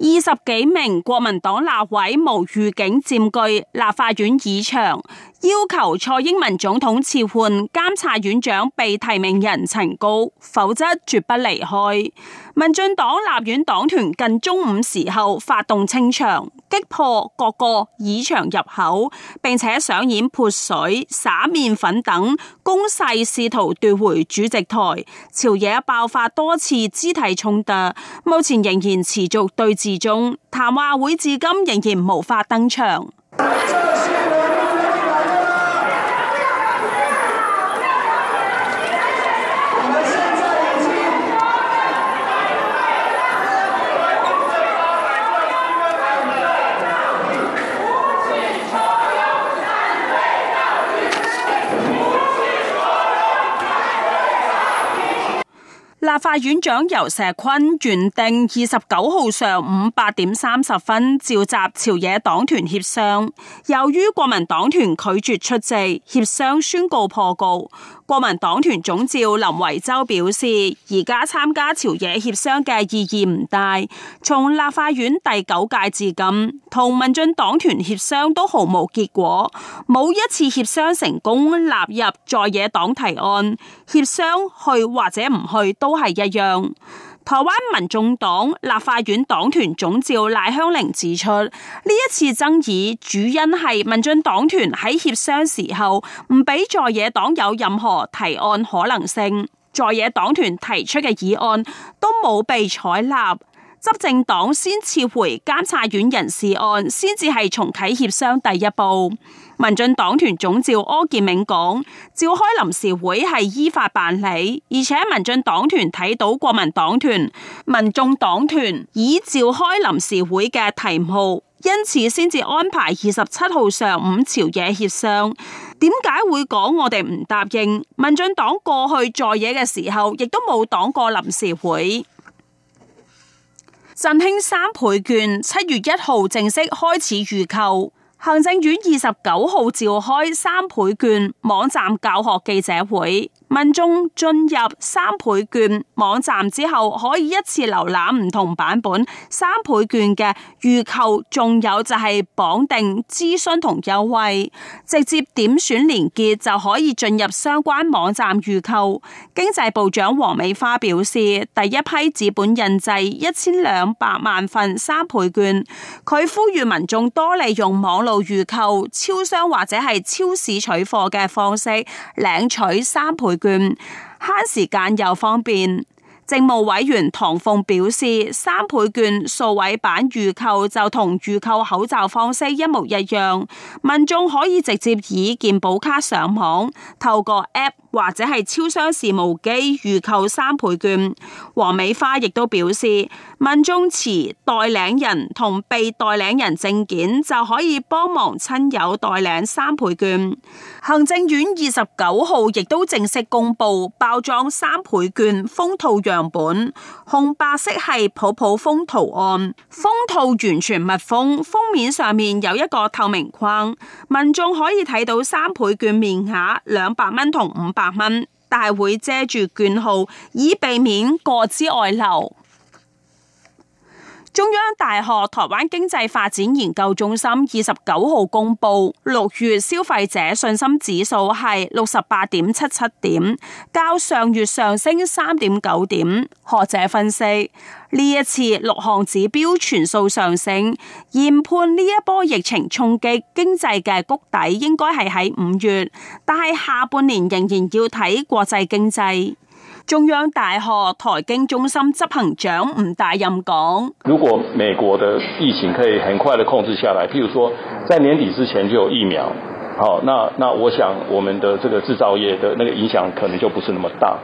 二十幾名國民黨立委無預警佔據立法院議場，要求蔡英文總統撤換監察院長被提名人陳菊，否則絕不離開。民進黨立院黨團近中午時候發動清場，擊破各個議場入口，並且上演潑水、撒麵粉等攻勢，試圖奪回主席台。朝野爆發多次肢體衝突，目前仍然持續對峙。時中，談話會至今仍然無法登場。院長游錫堃原定二十九號上午八點三十分召集朝野黨團協商，由於國民黨團拒絕出席，協商宣告破局。國民黨團總召林維洲表示，而家參加朝野協商嘅意義唔大。從立法院第九屆至今，同民進黨團協商都毫無結果，冇一次協商成功納入在野黨提案。協商去或者唔去都係一樣。台灣民眾黨立法院黨團總召賴香伶指出，呢一次爭議主因係民進黨團喺協商時候唔俾在野黨有任何提案可能性，在野黨團提出嘅議案都冇被採納，執政黨先撤回監察院人事案，先至係重啟協商第一步。民進黨團總召柯建銘講，召開臨時會係依法辦理，而且民進黨團睇到國民黨團、民眾黨團已召開臨時會嘅題目，因此先至安排二十七號上午朝野協商。點解會講我哋唔答應？民進黨過去在野嘅時候，亦都冇擋過臨時會。振興三倍券七月一號正式開始預購。行政院二十九號召開三倍券網站教學記者會。民眾進入三倍券網站之後，可以一次瀏覽唔同版本三倍券嘅預購，仲有就係綁定諮詢同優惠，直接點選連結就可以進入相關網站預購。經濟部長黃美花表示，第一批紙本印製一千兩百萬份三倍券，佢呼籲民眾多利用網絡預購、超商或者係超市取貨嘅方式領取三倍。券慳時間又方便。政務委員唐鳳表示，三倍券數位版預購就同預購口罩方式一模一樣，民眾可以直接以健保卡上網，透過 App。或者係超商事務機預購三倍券，黃美花亦都表示，民眾持代領人同被代領人證件就可以幫忙親友代領三倍券。行政院二十九號亦都正式公布包裝三倍券封套樣本，紅白色系普普風圖案，封套完全密封，封面上面有一個透明框，民眾可以睇到三倍券面額兩百蚊同五。百蚊，但會遮住券號，以避免過之外流。中央大學台灣經濟發展研究中心二十九號公布六月消費者信心指數係六十八點七七點，較上月上升三點九點。學者分析，呢一次六項指標全數上升，研判呢一波疫情衝擊經濟嘅谷底應該係喺五月，但係下半年仍然要睇國際經濟。中央大學台經中心執行長吳大任講：，如果美國的疫情可以很快的控制下來，譬如說在年底之前就有疫苗，好，那那我想我們的這個製造業的那個影響可能就不是那麼大。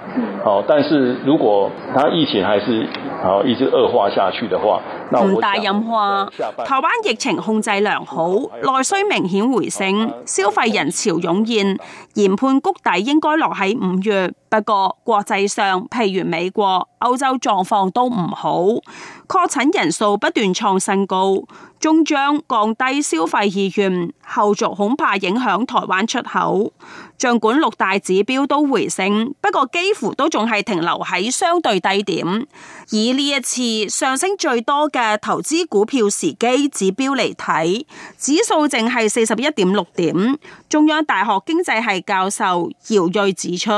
好，但是如果他疫情還是好一直惡化下去的話，吳大任話：，台灣疫情控制良好，內需明顯回升，啊、消費人潮湧現，啊、研判谷底應該落喺五月。不過國際上，譬如美國、歐洲狀況都唔好，確診人數不斷創新高，終將降低消費意願，後續恐怕影響台灣出口。盡管六大指標都回升，不過幾乎都仲係停留喺相對低點。以呢一次上升最多嘅投資股票時機指標嚟睇，指數淨係四十一點六點。中央大學經濟系教授姚瑞指出，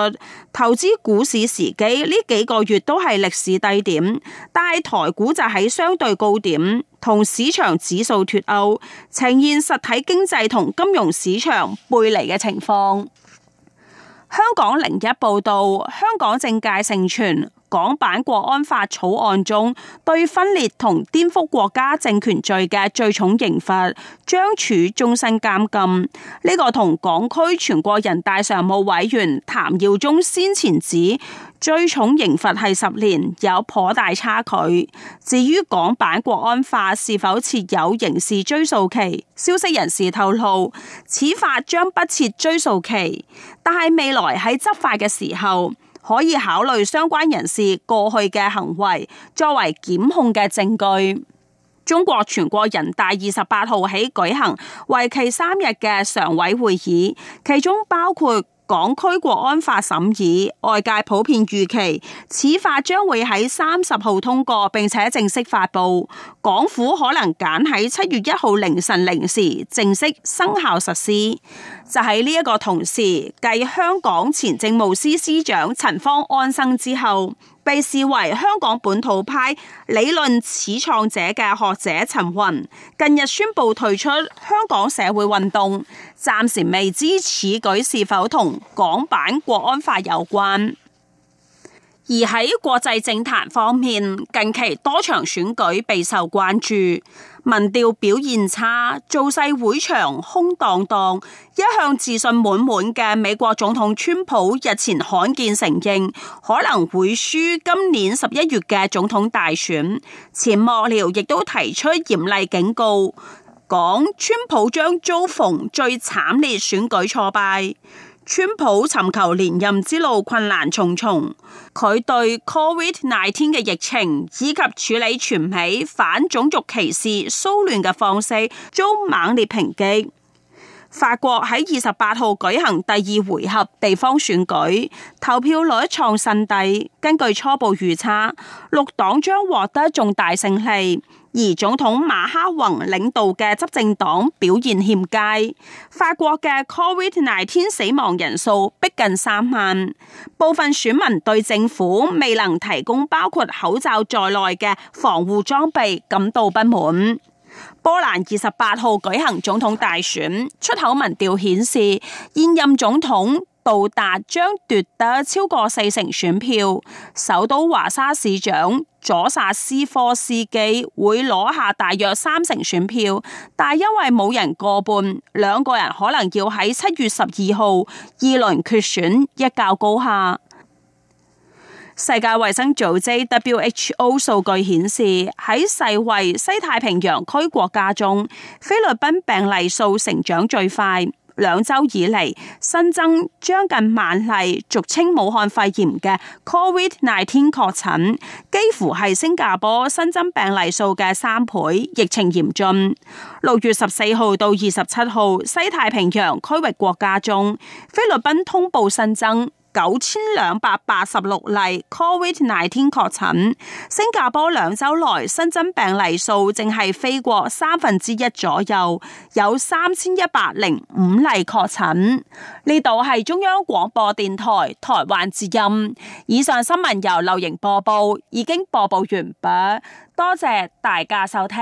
投資股市時機呢幾個月都係歷史低點，但係台股就喺相對高點，同市場指數脫鉤，呈現實體經濟同金融市場背離嘅情況。香港《零一》報道，香港政界盛傳。港版國安法草案中，對分裂同顛覆國家政權罪嘅最重刑罰將處終身監禁。呢個同港區全國人大常務委員譚耀宗先前指，最重刑罰係十年，有頗大差距。至於港版國安法是否設有刑事追訴期，消息人士透露，此法將不設追訴期，但係未來喺執法嘅時候。可以考慮相關人士過去嘅行為作為檢控嘅證據。中國全國人大二十八號起舉行，為期三日嘅常委會議，其中包括，港區國安法審議，外界普遍預期此法將會喺三十號通過，並且正式發佈。港府可能揀喺七月一號凌晨零時正式生效實施。就喺呢一個同時，繼香港前政務司司長陳方安生之後。被視為香港本土派理論始創者嘅學者陳雲，近日宣布退出香港社會運動，暫時未知此舉是否同港版國安法有關。而喺國際政壇方面，近期多場選舉備受關注，民調表現差，造勢會場空蕩蕩。一向自信滿滿嘅美國總統川普日前罕見承認可能會輸今年十一月嘅總統大選。前幕僚亦都提出嚴厲警告，講川普將遭逢最慘烈選舉挫敗。川普尋求連任之路困難重重，佢對 Covid 19嘅疫情以及處理全美反種族歧視騷亂嘅方式，遭猛烈抨擊。法國喺二十八號舉行第二回合地方選舉，投票率創新低。根據初步預測，綠黨將獲得重大勝利，而總統馬克宏領導嘅執政黨表現欠佳。法國嘅 COVID-19 死亡人數逼近三萬，部分選民對政府未能提供包括口罩在內嘅防護裝備感到不滿。波蘭二十八號舉行總統大選，出口民調顯示現任總統杜達將奪得超過四成選票，首都華沙市長佐薩斯科斯基會攞下大約三成選票，但因為冇人過半，兩個人可能要喺七月十二號二輪決選一較高下。世界衛生組織 WHO 數據顯示，喺世衛西太平洋區國家中，菲律賓病例數成長最快。兩周以嚟新增將近萬例俗稱武漢肺炎嘅 Covid nineteen 確診，幾乎係新加坡新增病例數嘅三倍，疫情嚴峻。六月十四號到二十七號，西太平洋區域國家中，菲律賓通報新增。九千兩百八十六例 Covid 19確診，新加坡兩周內新增病例數淨係飛過三分之一左右，有三千一百零五例確診。呢度係中央廣播電台台灣之音，以上新聞由劉瑩播報，已經播報完畢，多謝大家收聽。